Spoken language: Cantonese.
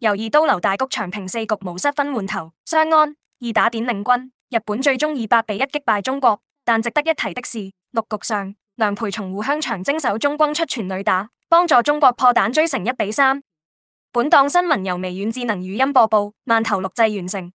由二刀流大谷翔平四局無失分換投，雙安二打點領軍。日本最終以八比一擊敗中國，但值得一提的是，六局上梁培從戶鄉翔征手中轟出全壘打，幫助中國破蛋追成一比三。本檔新聞由微軟智能語音播報，慢頭錄製完成。